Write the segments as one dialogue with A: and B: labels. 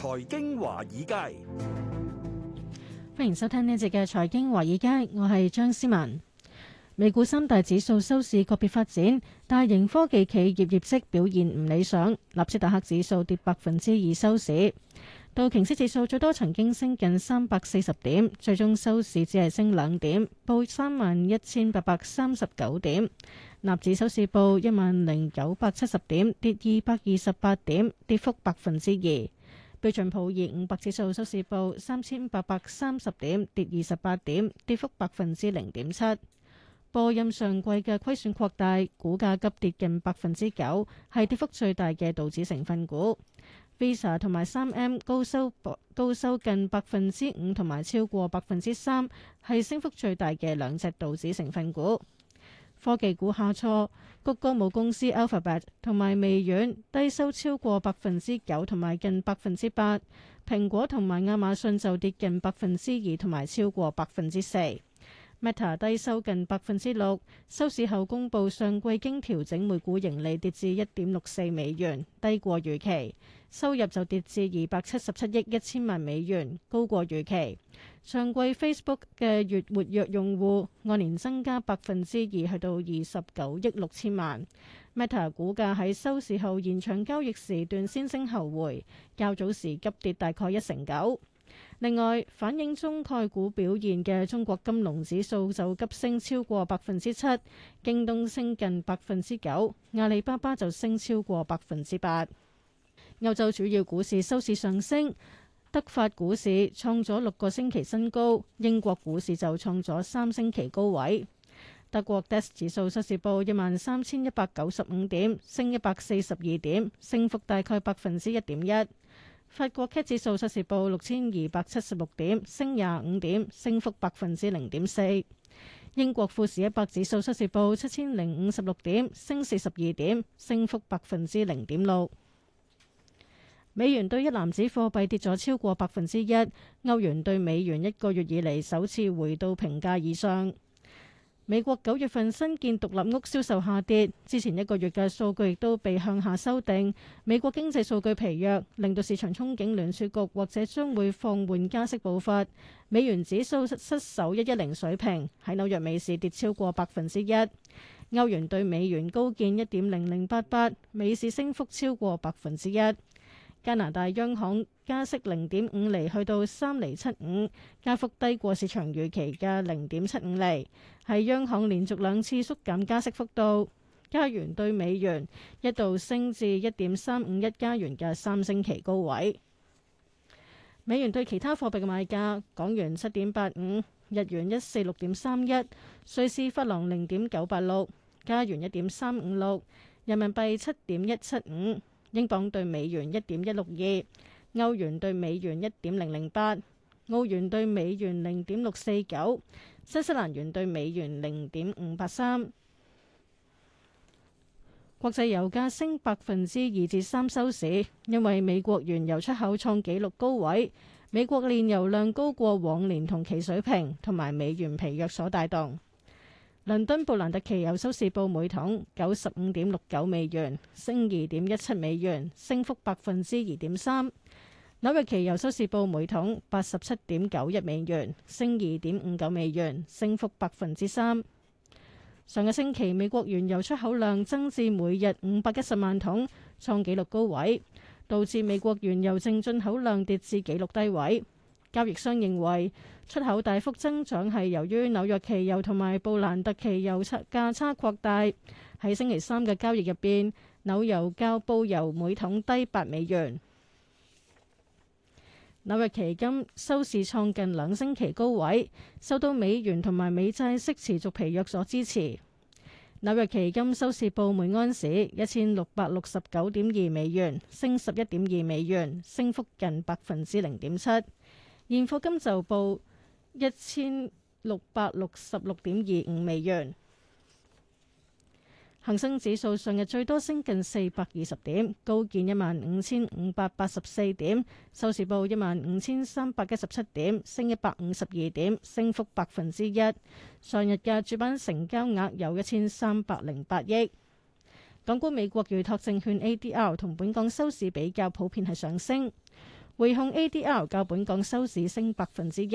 A: 財經華爾街，
B: 歡迎收聽呢一節嘅財經華爾街。我係張思文。美股三大指數收市個別發展，大型科技企業業績表現唔理想。納斯達克指數跌百分之二收市，道瓊斯指數最多曾經升近三百四十點，最終收市只係升兩點，報三萬一千八百三十九點。納指收市報一萬零九百七十點，跌二百二十八點，跌幅百分之二。標準普爾五百指數收市報三千八百三十點，跌二十八點，跌幅百分之零點七。波音上季嘅虧損擴大，股價急跌近百分之九，係跌幅最大嘅道指成分股。Visa 同埋三 M 高收高收近百分之五，同埋超過百分之三，係升幅最大嘅兩隻道指成分股。科技股下挫，谷歌母公司 Alphabet 同埋微軟低收超過百分之九同埋近百分之八，蘋果同埋亞馬遜就跌近百分之二同埋超過百分之四。Meta 低收近百分之六，收市後公布上季經調整每股盈利跌至一點六四美元，低過預期；收入就跌至二百七十七億一千萬美元，高過預期。上季 Facebook 嘅月活躍用戶按年增加百分之二，去到二十九億六千萬。Meta 股價喺收市後延長交易時段先升後回，較早時急跌大概一成九。另外，反映中概股表現嘅中國金龍指數就急升超過百分之七，京東升近百分之九，阿里巴巴就升超過百分之八。歐洲主要股市收市上升，德法股市創咗六個星期新高，英國股市就創咗三星期高位。德國 DAX 指數收市報一萬三千一百九十五點，升一百四十二點，升幅大概百分之一點一。法國 CAC 指數實時報六千二百七十六點，升廿五點，升幅百分之零點四。英國富時一百指數實時報七千零五十六點，升四十二點，升幅百分之零點六。美元對一籃子貨幣跌咗超過百分之一，歐元對美元一個月以嚟首次回到平價以上。美國九月份新建獨立屋銷售下跌，之前一個月嘅數據亦都被向下修訂。美國經濟數據疲弱，令到市場憧憬聯儲局或者將會放緩加息步伐。美元指數失守一一零水平，喺紐約美市跌超過百分之一。歐元對美元高見一點零零八八，美市升幅超過百分之一。加拿大央行加息零點五釐去到三釐七五，加幅低過市場預期嘅零點七五釐，係央行連續兩次縮減加息幅度。加元對美元一度升至一點三五，一加元嘅三星期高位。美元對其他貨幣嘅賣價：港元七點八五，日元一四六點三一，瑞士法郎零點九八六，加元一點三五六，人民幣七點一七五。英鎊兌美元一點一六二，歐元兌美元一點零零八，澳元兌美元零點六四九，新西蘭元兌美元零點五八三。國際油價升百分之二至三收市，因為美國原油出口創紀錄高位，美國煉油量高過往年同期水平，同埋美元疲弱所帶動。倫敦布蘭特期油收市報每桶九十五點六九美元，升二點一七美元，升幅百分之二點三。紐約期油收市報每桶八十七點九一美元，升二點五九美元，升幅百分之三。上個星期美國原油出口量增至每日五百一十萬桶，創紀錄高位，導致美國原油淨進口量跌至紀錄低位。交易商認為出口大幅增長係由於紐約期油同埋布蘭特期油價差擴大。喺星期三嘅交易入邊，紐油較布油每桶低八美元。紐約期金收市創近兩星期高位，受到美元同埋美債息持續疲弱所支持。紐約期金收市報每安士一千六百六十九點二美元，升十一點二美元，升幅近百分之零點七。現貨金就報一千六百六十六點二五美元。恒生指數上日最多升近四百二十點，高見一萬五千五百八十四點，收市報一萬五千三百一十七點，升一百五十二點，升幅百分之一。上日嘅主板成交額有一千三百零八億。港股美國預託證券 ADR 同本港收市比較普遍係上升。匯控 ADR 較本港收市升百分之一。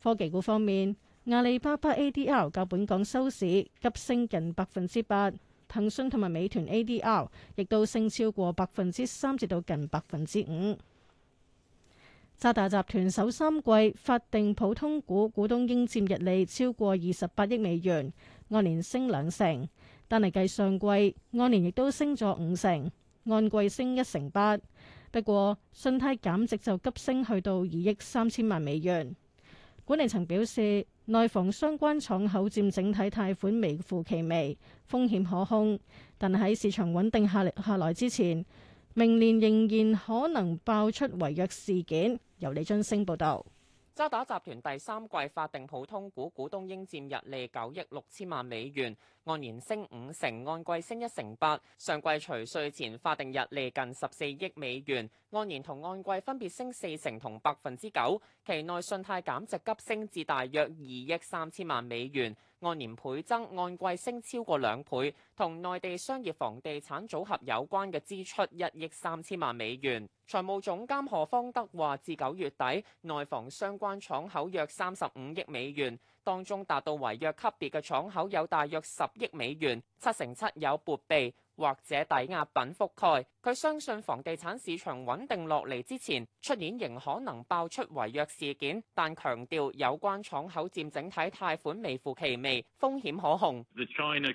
B: 科技股方面，阿里巴巴 ADR 較本港收市急升近百分之八，騰訊同埋美團 ADR 亦都升超過百分之三至到近百分之五。渣打集團首三季法定普通股股東應佔溢利超過二十八億美元，按年升兩成。但嚟計上季，按年亦都升咗五成，按季升一成八。不過，信貸減值就急升去到二億三千萬美元。管理層表示，內房相關廠口佔整體貸款微乎其微，風險可控。但喺市場穩定下嚟下來之前，明年仍然可能爆出違約事件。由李津升報導。
C: 渣打集團第三季法定普通股股東應佔溢利九億六千萬美元，按年升五成，按季升一成八。上季除稅前法定溢利近十四億美元，按年同按季分別升四成同百分之九。期內信貸減值急升至大約二億三千萬美元，按年倍增，按季升超過兩倍，同內地商業房地產組合有關嘅支出一億三千萬美元。財務總監何方德話，至九月底內房相關敞口約三十五億美元，當中達到違約級別嘅敞口有大約十億美元，七成七有撥備。或者抵押品覆蓋，佢相信房地產市場穩定落嚟之前，出年仍可能爆出違約事件，但強調有關敞口佔整體貸款微乎其微，風險可控。
B: The China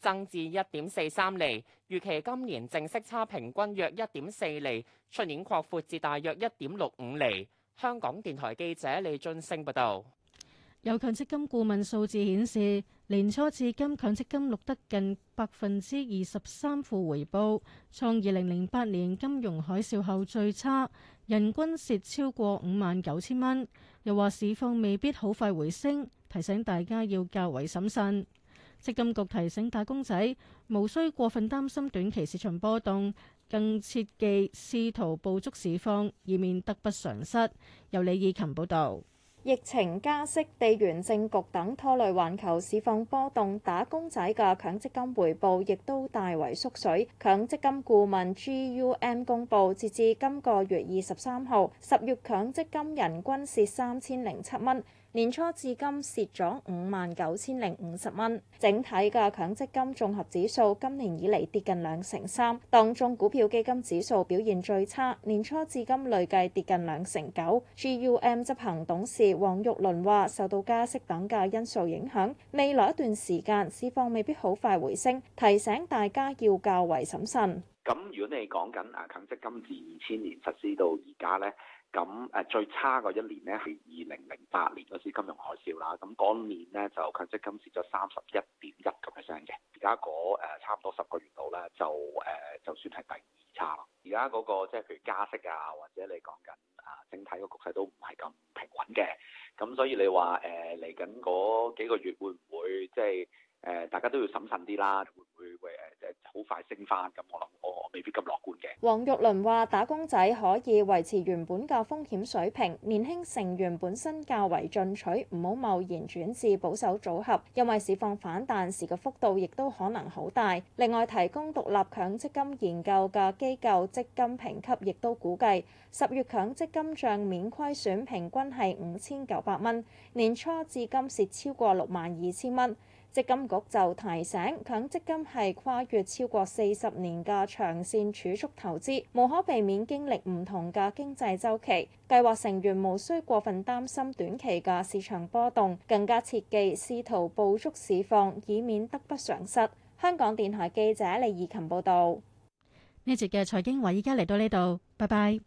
C: 增至一點四三厘，預期今年淨息差平均約一點四厘，出年擴闊至大約一點六五厘。香港電台記者李俊升報道，
B: 有強積金顧問數字顯示，年初至今強積金錄得近百分之二十三負回報，創二零零八年金融海嘯後最差，人均蝕超過五萬九千蚊。又話市況未必好快回升，提醒大家要較為審慎。積金局提醒打工仔無需過分擔心短期市場波動，更切忌試圖捕捉市況，以免得不償失。由李以琴報導，
A: 疫情加息、地緣政局等拖累環球市況波動，打工仔嘅強積金回報亦都大為縮水。強積金顧問 GUM 公佈，截至今個月二十三號，十月強積金人均蝕三千零七蚊。年初至今蝕咗五萬九千零五十蚊，整體嘅強積金綜合指數今年以嚟跌近兩成三，當中股票基金指數表現最差，年初至今累計跌近兩成九。GUM 執行董事黃玉麟話：受到加息等價因素影響，未來一段時間市況未必好快回升，提醒大家要較為審慎。
C: 咁如果你講緊啊，強積金至二千年實施到而家咧，咁誒最差個一年咧係二零零八年嗰時金融海嘯啦。咁嗰年咧就強積金蝕咗三十一點一個 percent 嘅。而家嗰差唔多十個月度咧就誒，就算係第二差。而家嗰個即係譬如加息啊，或者你講緊啊整體個局勢都唔係咁平穩嘅。咁所以你話誒嚟緊嗰幾個月會唔會即係誒大家都要審慎啲啦？會唔會即係好快升翻？咁我諗。未必咁
A: 樂觀嘅。黃玉麟話：打工仔可以維持原本嘅風險水平，年輕成員本身較為進取，唔好貿然轉至保守組合，因為市況反彈時嘅幅度亦都可能好大。另外，提供獨立強積金研究嘅機構積金評級亦都估計，十月強積金帳面虧損平均係五千九百蚊，年初至今蝕超過六萬二千蚊。積金局就提醒，強積金係跨越超過四十年嘅長線儲蓄投資，無可避免經歷唔同嘅經濟周期。計劃成員無需過分擔心短期嘅市場波動，更加切忌試圖捕捉市況，以免得不償失。香港電台記者李怡琴報道：
B: 「呢節嘅財經華爾街，依家嚟到呢度，拜拜。